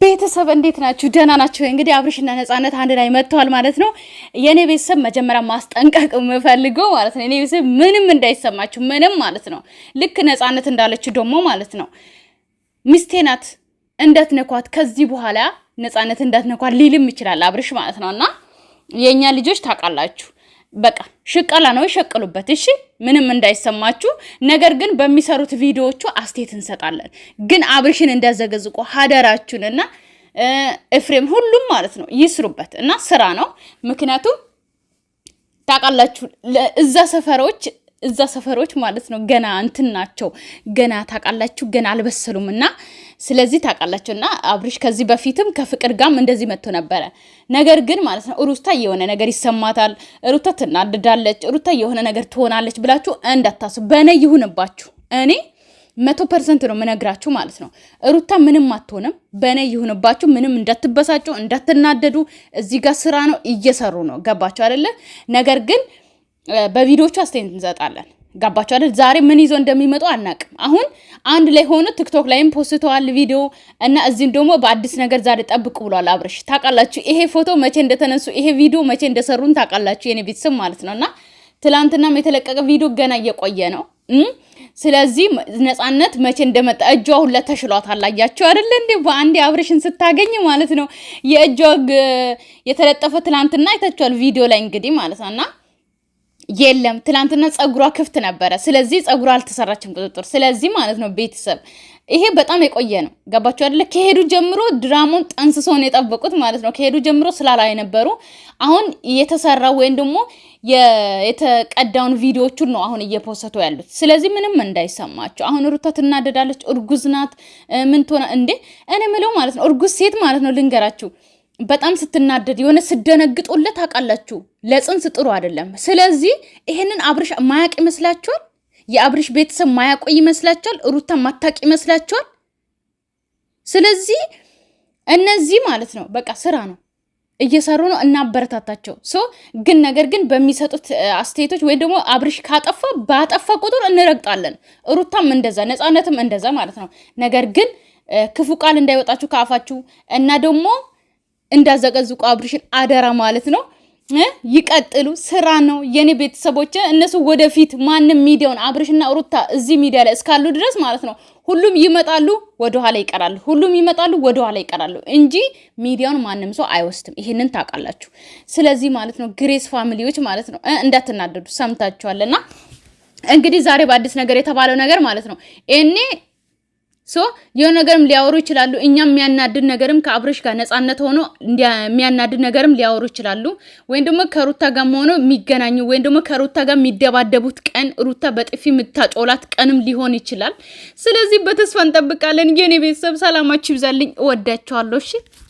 ቤተሰብ እንዴት ናችሁ? ደህና ናችሁ? እንግዲህ አብርሽና ነፃነት አንድ ላይ መጥተዋል ማለት ነው። የእኔ ቤተሰብ መጀመሪያ ማስጠንቀቅ የምፈልገው ማለት ነው የኔ ቤተሰብ ምንም እንዳይሰማችሁ ምንም ማለት ነው። ልክ ነፃነት እንዳለችው ደግሞ ማለት ነው ሚስቴ ናት እንዳትነኳት፣ ከዚህ በኋላ ነፃነት እንዳትነኳት ሊልም ይችላል አብርሽ ማለት ነው። እና የእኛ ልጆች ታውቃላችሁ፣ በቃ ሽቀላ ነው ይሸቅሉበት። እሺ ምንም እንዳይሰማችሁ። ነገር ግን በሚሰሩት ቪዲዮዎቹ አስቴት እንሰጣለን። ግን አብርሽን እንዳዘገዝቆ ሀደራችሁን እና ኤፍሬም ሁሉም ማለት ነው ይስሩበት እና ስራ ነው። ምክንያቱም ታውቃላችሁ እዛ ሰፈሮች እዛ ሰፈሮች ማለት ነው ገና እንትን ናቸው። ገና ታውቃላችሁ ገና አልበሰሉም እና ስለዚህ ታውቃላችሁ እና አብርሽ ከዚህ በፊትም ከፍቅር ጋርም እንደዚህ መጥቶ ነበረ። ነገር ግን ማለት ነው ሩታ የሆነ ነገር ይሰማታል፣ ሩታ ትናድዳለች፣ ሩታ የሆነ ነገር ትሆናለች ብላችሁ እንዳታስቡ። በእኔ ይሁንባችሁ እኔ መቶ ፐርሰንት ነው ምነግራችሁ ማለት ነው። ሩታ ምንም አትሆንም። በእኔ ይሁንባችሁ። ምንም እንዳትበሳጩ፣ እንዳትናደዱ። እዚህ ጋር ስራ ነው እየሰሩ ነው። ገባችሁ አይደለ? ነገር ግን በቪዲዮቹ አስተያየት እንሰጣለን። ጋባቸው አይደል? ዛሬ ምን ይዞ እንደሚመጡ አናቅም። አሁን አንድ ላይ ሆኖ ቲክቶክ ላይም ፖስተዋል ቪዲዮ እና እዚህም ደግሞ በአዲስ ነገር ዛሬ ጠብቁ ብሏል አብርሽ። ታውቃላችሁ ይሄ ፎቶ መቼ እንደተነሱ ይሄ ቪዲዮ መቼ እንደሰሩን ታውቃላችሁ፣ የኔ ቤተሰብ ማለት ነው። እና ትላንትናም የተለቀቀ ቪዲዮ ገና እየቆየ ነው። ስለዚህ ነፃነት መቼ እንደመጣ እጇ ሁላ ተሽሏት አያችሁ አይደለ እንዴ? በአንዴ አብርሽን ስታገኝ ማለት ነው። የእጇ የተለጠፈ ትላንትና አይታችኋል ቪዲዮ ላይ እንግዲህ ማለት ነውና የለም ትናንትና ፀጉሯ ክፍት ነበረ። ስለዚህ ፀጉሯ አልተሰራችም ቁጥጥር። ስለዚህ ማለት ነው ቤተሰብ ይሄ በጣም የቆየ ነው። ገባችሁ አይደለ? ከሄዱ ጀምሮ ድራሙን ጠንስሰውን የጠበቁት ማለት ነው። ከሄዱ ጀምሮ ስላላ የነበሩ አሁን የተሰራው ወይም ደግሞ የተቀዳውን ቪዲዮቹን ነው አሁን እየፖሰቱ ያሉት። ስለዚህ ምንም እንዳይሰማቸው አሁን ሩታ ትናደዳለች። እርጉዝ ናት። ምን እንዴ? እኔ ምለው ማለት ነው እርጉዝ ሴት ማለት ነው ልንገራችሁ በጣም ስትናደድ የሆነ ስደነግጦለት ታውቃላችሁ። ለጽንስ ጥሩ አይደለም። ስለዚህ ይሄንን አብርሽ ማያቅ ይመስላችኋል? የአብርሽ ቤተሰብ ማያቆይ ይመስላችኋል? ሩታ ማታቅ ይመስላችኋል? ስለዚህ እነዚህ ማለት ነው በቃ ስራ ነው እየሰሩ ነው። እናበረታታቸው። ሶ ግን ነገር ግን በሚሰጡት አስተያየቶች ወይም ደግሞ አብርሽ ካጠፋ ባጠፋ ቁጥር እንረግጣለን። ሩታም እንደዛ፣ ነፃነትም እንደዛ ማለት ነው። ነገር ግን ክፉ ቃል እንዳይወጣችሁ ከአፋችሁ እና ደግሞ እንዳዘቀዝቁ አብርሽን አደራ ማለት ነው። ይቀጥሉ። ስራ ነው የኔ ቤተሰቦች፣ እነሱ ወደፊት ማንም ሚዲያውን አብርሽና ሩታ እዚህ ሚዲያ ላይ እስካሉ ድረስ ማለት ነው ሁሉም ይመጣሉ፣ ወደኋላ ይቀራሉ። ሁሉም ይመጣሉ፣ ወደኋላ ይቀራሉ እንጂ ሚዲያውን ማንም ሰው አይወስድም። ይሄንን ታውቃላችሁ። ስለዚህ ማለት ነው ግሬስ ፋሚሊዎች ማለት ነው እንዳትናደዱ ሰምታችኋልና እንግዲህ ዛሬ በአዲስ ነገር የተባለው ነገር ማለት ነው እኔ ሶ የሆነ ነገርም ሊያወሩ ይችላሉ። እኛም የሚያናድድ ነገርም ከአብረሽ ጋር ነፃነት ሆኖ የሚያናድድ ነገርም ሊያወሩ ይችላሉ። ወይም ደግሞ ከሩታ ጋር ሆኖ የሚገናኙ ወይም ደግሞ ከሩታ ጋር የሚደባደቡት ቀን ሩታ በጥፊ የምታጮላት ቀንም ሊሆን ይችላል። ስለዚህ በተስፋ እንጠብቃለን። የኔ ቤተሰብ ሰላማችሁ ይብዛልኝ። እወዳችኋለሁ።